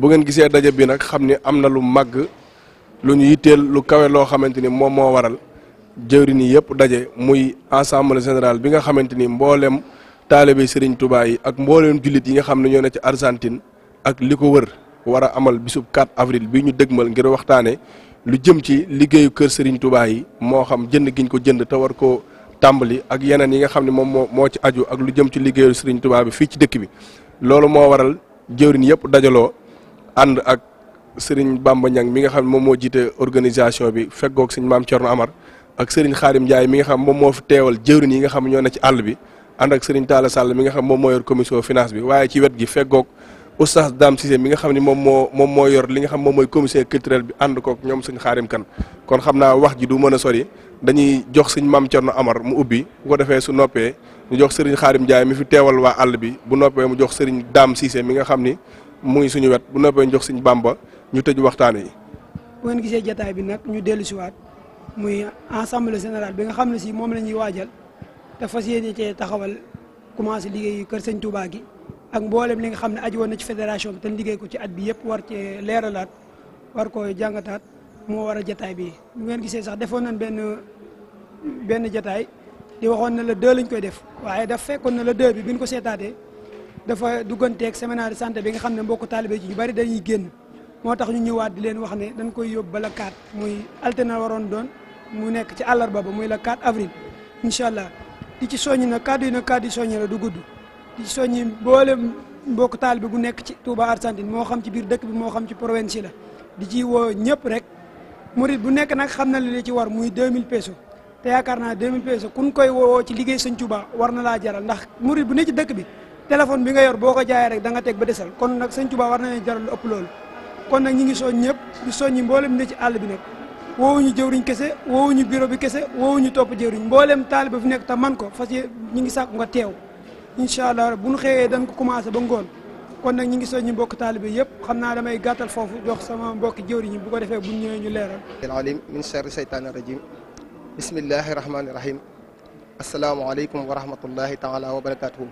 bu ngeen gisee daje bi nag xam ni am na lu màgg lu ñu yitteel lu kawee loo xamante ni moom moo waral jëwriñ yi yëpp daje muy assemblée général bi nga xamante ni mboolem taalibe Serigne Touba yi ak mboolem jullit yi nga xam ne ñoo ne ci Argentine ak li ko wër war a amal bisub 4 avril bi ñu dëgmal ngir waxtaane lu jëm ci liggéeyu kër Serigne Touba yi moo xam jënd giñ ko jënd te war ko tàmbali ak yeneen yi nga xam ne moom moo moo ci aju ak lu jëm ci liggéeyu Serigne Touba bi fii ci dëkk bi loolu moo waral jëwriñ yëpp dajaloo. ànd ak sëriñ Bamba Niang mi nga xam moom moo jiite organisation bi feggoog sëñ maam Thierno Amar ak sëriñ Xaadim Ndiaye mi nga xam moom moo fi teewal jëwriñ yi nga xam ñoo ne ci àll bi ànd ak sëriñ Sall mi nga xam moo yor commission finance bi waaye ci wet gi feggoog oustaz Dame mi nga xam ne moom moo moom moo yor li nga xam moom mooy commission culturelle bi ànd koog ñoom sëñ Xaadim Kan kon xam naa wax ji du mën a sori dañuy jox sëñ maam Thierno Amar mu ubbi bu defee su noppee ñu jox sëriñ Xaadim Ndiaye mi fi teewal waa àll bi bu noppee mu jox sëriñ Dame Cissé mi nga xam ni mu ngi suñu wet bu noppee jox suñ bàmba ñu tëj waxtaan wi bu gisee jataay bi nag ñu dellu siwaat muy assemblée générale bi nga xam ne si moom la ñuy waajal te fas yéene cee taxawal commencé liggéeyu kër sëñ Touba gi ak mboolem li nga xam ne aju woon na ci fédération bi te liggéey ko ci at bi yëpp war cee leeralaat war ko jàngataat moo war a jataay bi bu ngeen gisee sax defoon na benn benn jataay di waxoon na la deux lañ koy def waaye daf fekkoon na la deux bi biñ ko seetaatee. dafa dugganteeg séminaire de santé bi nga xam ne mbokku taalibe ci ñu bari dañuy génn moo tax ñu ñëwaat di leen wax ne dañ koy yóbbu ba la 4 muy altena waroon doon mu nekk ci àllarba ba muy la 4 avril incha allah di ci soññi nag kàddu yi nag kàddu yi soññi la du gudd di ci soññi mboolem mbokk taalibe gu nekk ci Touba Argentine moo xam ci biir dëkk bi moo xam ci province la di ci woo ñëpp rek murit bu nekk nag xam na li ci war muy 2000 pesos te yaakaar naa 2000 pesos kun koy woo ci liggéey sëñ Touba war na laa jaral ndax murit bu ne ci dëkk bi téléphone bi nga yor boo ko jaayee rek danga teg ba desal kon nag sëñ Tuubaa war nañu jaral lu ëpp kon nag ñi ngi soñ ñëpp di soññi mboolem ne ci àll bi nag woowuñu jëwriñ kese woowuñu biro bi kese woowuñu topp jëwriñ mboolem taaliba fi nekk te man ko fas ñi ngi sàkku nga teew incha allah bu ñu xëyee dañ ko commencé ba ngoon kon nag ñi ngi soññi mbokk taaliba yëpp xam naa damay gàttal foofu jox sama mbokki jëwriñ bu ko defee bu ñëwee ñu leeral alim min sharri shaytaani rajim bismillahi rahmaani rahim asalaamaaleykum wa rahmatullahi taala wa barakatuhu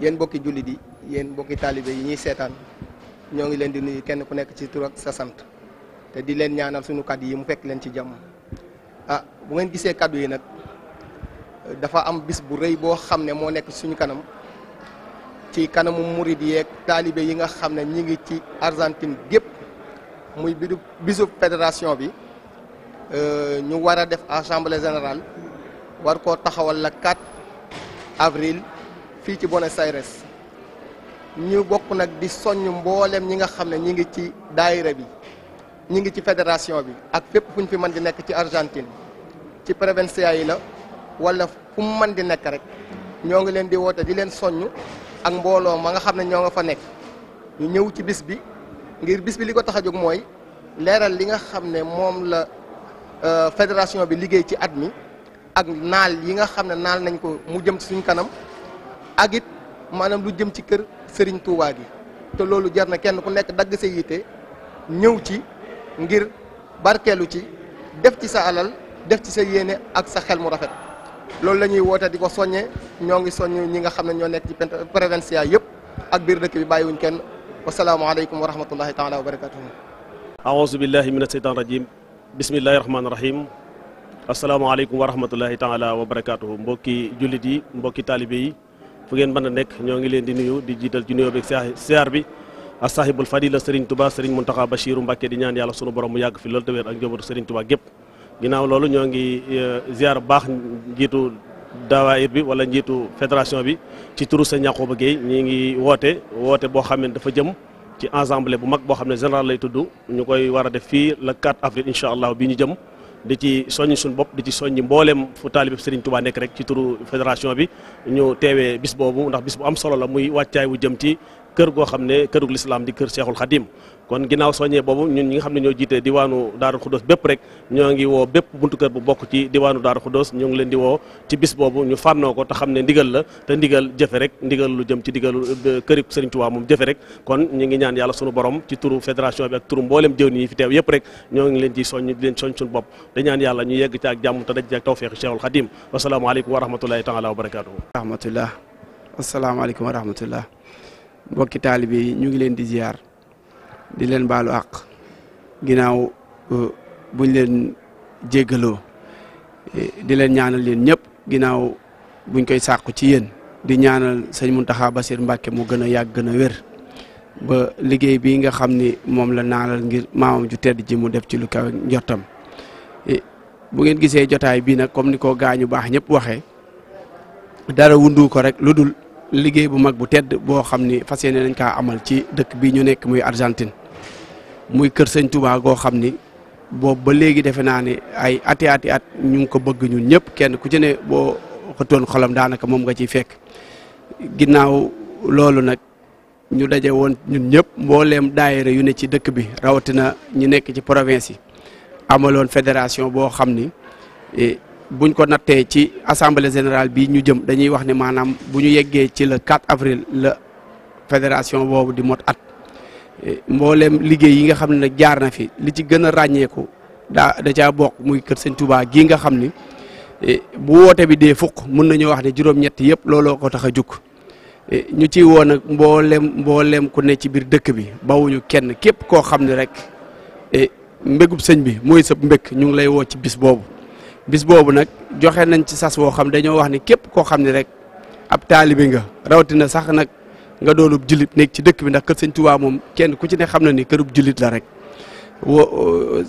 yéen mbokki jullit yi yéen mbokki taalibe yi ñuy seetaan ñoo ngi leen di nuy kenn ku nekk ci tur ak sa sant te di leen ñaanal suñu kàddu yi mu fekk leen ci jàmm ah bu ngeen gisee kàddu yi nag dafa am bis bu rëy boo xam ne moo nekk suñu kanam ci kanamu murid yeeg taalibe yi nga xam ne ñi ngi ci Argentine gépp muy bidu bisu fédération bi euh, ñu war a def assemblée général war koo taxawal la 4 avril fii ci Buenos Aires ñu bokk nag di soññ mboolem ñi nga xam ne ñi ngi ci daayira bi ñi ngi ci fédération bi ak fépp fu ñu fi mën di nekk ci Argentine ci Provincia yi la wala fu mu mën di nekk rek ñoo ngi leen di woote di leen soññ ak mbooloo ma nga xam ne ñoo nga fa nekk ñu ñëw ci bis bi ngir bis bi li ko tax a jóg mooy leeral li nga xam ne moom la euh, fédération bi liggéey ci at mi ak naal yi nga xam ne naal nañ ko mu jëm ci suñ kanam ak it maanaam lu jëm ci kër sëriñ tuubaa gi te loolu jar na kenn ku nekk dagg sa yitte ñëw ci ngir barkeelu ci def ci sa alal def ci sa yéene ak sa xel mu rafet loolu la ñuy woote di ko soññee ñoo ngi soññ ñi nga xam ne ñoo nekk ci Provincia yëpp ak biir dëkk bi wuñ kenn wasalaamualeykum wa rahmatullahi taala wa barakatuhu aouzu billahi min asheytan rajim bismillahi rahmaani rahim asalaamaaleykum wa rahmatullahi taala wa barakatuhu mbokki yi mbokki taalibe yi fu ngeen mën a nekk ñoo ngi leen di nuyu di jiital ci nuyoo beeg siyaar bi ak sahibul fadila Serigne Touba Serigne Mountakha Bachiru Mbacké di ñaan yàlla sunu borom mu yàgg fi loolu te wér ak njabootu Serigne Touba gépp ginnaaw loolu ñoo ngi e, ziar baax njiitu dawaayir bi wala njiitu fédération bi ci turu sa ñàqoo ba géey ñii ngi woote woote boo xam ne dafa jëm ci ensemble bu mag boo xam ne général lay tudd ñu koy war def fii le 4 avril incha allah bi ñu jëm di ci soññ suñu bopp di ci soññ mboolem fu taalibe Serigne Touba nekk rek ci turu fédération bi ñu teewee bis boobu ndax bis bu am solo la muy wàccaay wu jëm ci kër goo xam ne kërug lislaam di kër Cheikhul Khadim kon ginnaaw soññee boobu ñun ñi nga xam ne ñoo jiite diwaanu Daaru Xuddoos bépp rek ñoo ngi woo bépp buntu kër bu bokk ci diwaanu Daaru Xuddoos ñoo ngi leen di woo ci bis boobu ñu fànnoo ko te xam ne ndigal la te ndigal jëfe rek lu jëm ci ndigal euh, këri Sëriñ Tuubaa moom jëfe rek kon ñu ngi ñaan yàlla sunu borom ci turu fédération bi ak turu yëpp rek ñoo ngi leen ci leen soñ suñu bopp da ñaan yàlla ñu yegg ci ak jàmm te daj ci ak tawfeexi Cheikhul Xadim wasalaamaaleykum wa rahmatullahi taala wa barakatuhu rahmatullah asalaamaaleykum mbokki taalibe yi ñu ngi leen di ziar di leen baalu àq ginnaaw buñ leen jéggaloo di leen ñaanal yéen ñëpp ginnaaw buñ koy sàqu ci yéen di ñaanal sëñ Muntaxa Basir Mbàkke mu gën a yàgg gën a wér ba liggéey bi nga xam ni moom la naalal ngir maamam ju tedd ji mu def ci lu kaw njottam eh, bu ngeen gisee jotaay bii nag comme ni ko gaañu baax ñëpp waxee dara wundu ko rek lu dul liggéey bu mag bu tedd boo xam ni fas yéene nañ kaa amal ci dëkk bi ñu nekk muy Argentine muy kër sëñ Touba goo xam ni boobu ba léegi defe naa ne ay ati ati at ñu ngi ko bëgg ñun ñëpp kenn ku ci ne boo xëtoon xolom daanaka moom nga ciy fekk ginnaaw loolu nag ñu daje woon ñun ñëpp mbooleem daayira yu ne ci dëkk bi rawatina ñu nekk ci province yi amaloon fédération boo xam ni e, buñ ko nattee ci assemblée générale bi ñu jëm dañuy wax ne maanaam bu ñu yeggee ci le 4 avril la fédération boobu di mot at mboolem liggéey yi nga xam ne nag jaar na fi li ci gën a ràññeeku daa da caa bokk muy kër sëñ Touba gii nga xam ni e, bu woote bi dee fukk mun nañu wax ne juróom-ñett yëpp looloo ko tax a jukk e, ñu ci woo nag mboolem mboolem ku ne ci biir dëkk bi bawuñu kenn képp koo xam ne rek e, mbégub sëñ bi mooy sa mbég ñu ngi lay woo ci bis boobu bis boobu nag joxe nañ ci sas woo xam dañoo wax ni képp koo xam ne rek ab taalibe nga rawatina sax nag. nga doonub jullit nekk ci dëkk bi ndax kër sëñ Touba moom kenn ku ci ne xam na ni kërub jullit la rek wo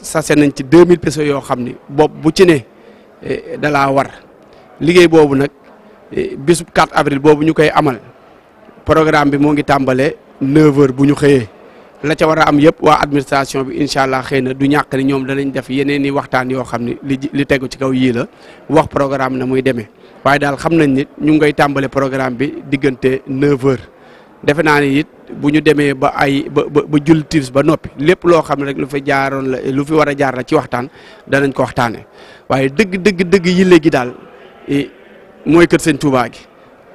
sase nañ ci mille pesos yoo xam ni bopp bu ci ne eh, dalaa war liggéey boobu nag eh, bisub 4 avril boobu ñu koy amal programme bi moo ngi tàmbale 9h bu ñu xëyee la ca war a am yëpp waa administration bi incha allah xëy na du ñàkk ni ñoom danañ def yeneen i waxtaan yoo xam ni li li tegu ci kaw yii la wax programme na muy demee waaye daal xam nañ ni ñu ngay tàmbale programme bi diggante 9h. defe naa ne it bu ñu demee ba ay ba ba jul tirs ba noppi lépp loo xam ne rek lu fa jaaroon la lu fi war a jaar la ci waxtaan danañ ko waxtaanee waaye dëgg dëgg dëgg yille gi daal mooy kër sëñ Touba gi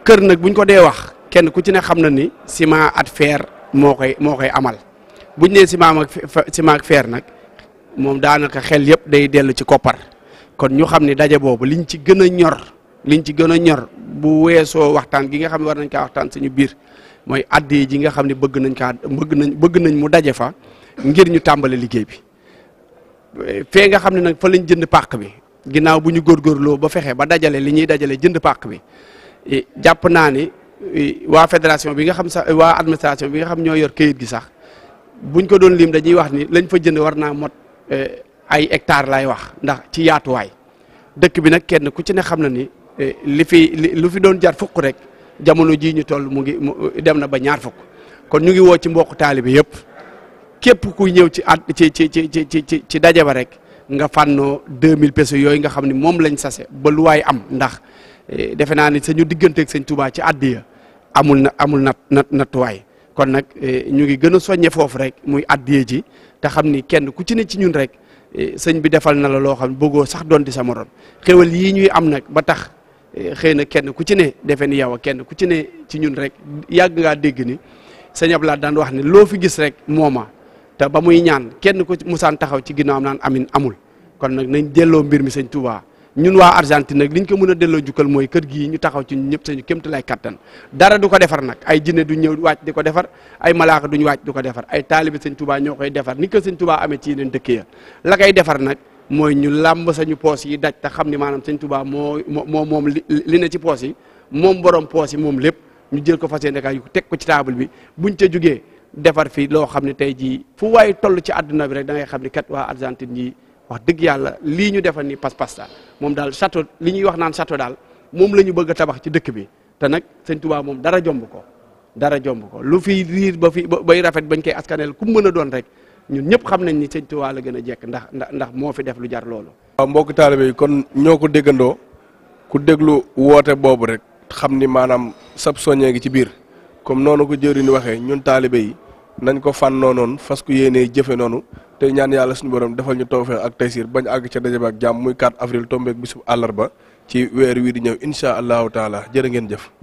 kër nag buñ ko dee wax kenn ku ci ne xam na ni ciment at fer moo koy moo koy amal buñ nee ciment ak ciment ak fer nag moom daanaka xel yëpp day dellu ci koppar kon ñu xam ne daje boobu liñ ci gën a ñor liñ ci gën a ñor bu weesoo waxtaan gi nga xam ne war nañ kaa waxtaan suñu biir mooy addi ji nga xam ne bëgg nañ kaa bëgg nañ bëgg nañ mu daje fa ngir ñu tàmbale liggéey bi fee nga xam ne nag fa lañ jënd pàq bi ginnaaw bu ñu góorgóorloo ba fexe ba dajale li ñuy dajale jënd pàq bi jàpp naa ni waa fédération bi nga xam sax waa administration bi nga xam ñoo yor kayit gi sax buñ ko doon lim dañuy wax ni lañ fa jënd war naa mot eh, ay hectares lay wax ndax ci yaatuwaay dëkk bi nag kenn ku ci ne xam na ni eh, li fi lu fi doon jar fukk rek jamono jii ñu toll mu ngi dem na ba ñaar fukk kon ñu ngi woo ci mbokk taalibe yëpp képp ku ñëw ci at ci ci ci ci ci ci daje ba rek nga fànnoo mille pesos yooyu nga xam ni moom lañ sase ba lu am ndax eh, defe naa ne sañu digganteeg sañ tubaay ci addiya amul na amul nat nat nattuwaay kon nag eh, ñu ngi gën a soññe foofu rek muy addiya ji te xam ni kenn ku ci ne ci ñun rek eh, sëñ bi defal na la loo xam ne sax doon di sa morom xéwal ñuy am nag ba tax. Eh, xëy na kenn ku ci ne defe ni yow kenn ku ci ne ci ñun rek yàgg ngaa dégg ni sëñ Abdou Lahad daan wax ne loo fi gis rek mooma te ba muy ñaan kenn ku musaan taxaw ci ginnaaw am naan amin amul kon nag nañ delloo mbir mi sëñ Touba ñun waa Argentine nag liñ ko mën a delloo jukkal mooy kër gii ñu taxaw ci ñun ñëpp sañu kémta lay kattan dara du ko defar nag ay jinne du ñëw wàcc di ko defar ay malaaka duñ wàcc di ko defar ay taalibi sëñ Touba ñoo koy defar ni ko sëñ Touba amee ci yeneen dëkk ya la koy defar nag mooy ñu làmb sañu poos yi daj te xam ni maanaam sañ Tuubaa moo moo moom li ne ci poos yi moom borom poos yi moom lépp ñu jël ko fas yéene kaay yu teg ko ci taabal bi buñ ca jugee defar fii loo xam ne tey jii fu waaye toll ci àdduna bi rek da ngay xam ni kat waa Argentine ñi wax dëgg yàlla lii ñu defal ni pas-pas la moom daal château li ñuy wax naan château daal moom la ñu bëgg a tabax ci dëkk bi te nag sëñ Tuubaa moom dara jomb ko dara jomb ko lu fi riir ba fi bay rafet bañ koy askanel ku mën a doon rek ñun ñëpp xam nañ ni sëñ waa la gën a jekk ndax ndax ndax moo fi def lu jar loolu. waaw mbokk taalibe yi kon ñoo ko déggandoo ku déglu woote boobu rek xam ni maanaam sab soññee ngi ci biir comme noonu ko jëriñ waxee ñun taalibe yi nañ ko fànnoo noonu fas ku yéenee jëfe noonu te ñaan yàlla suñu borom defal ñu tawfeex ak taysiir bañ àgg ca daje ba ak jàmm muy 4 avril tombeek bisub àllarba ci weer wii di ñëw incha allahu taala jërë ngeen jëf.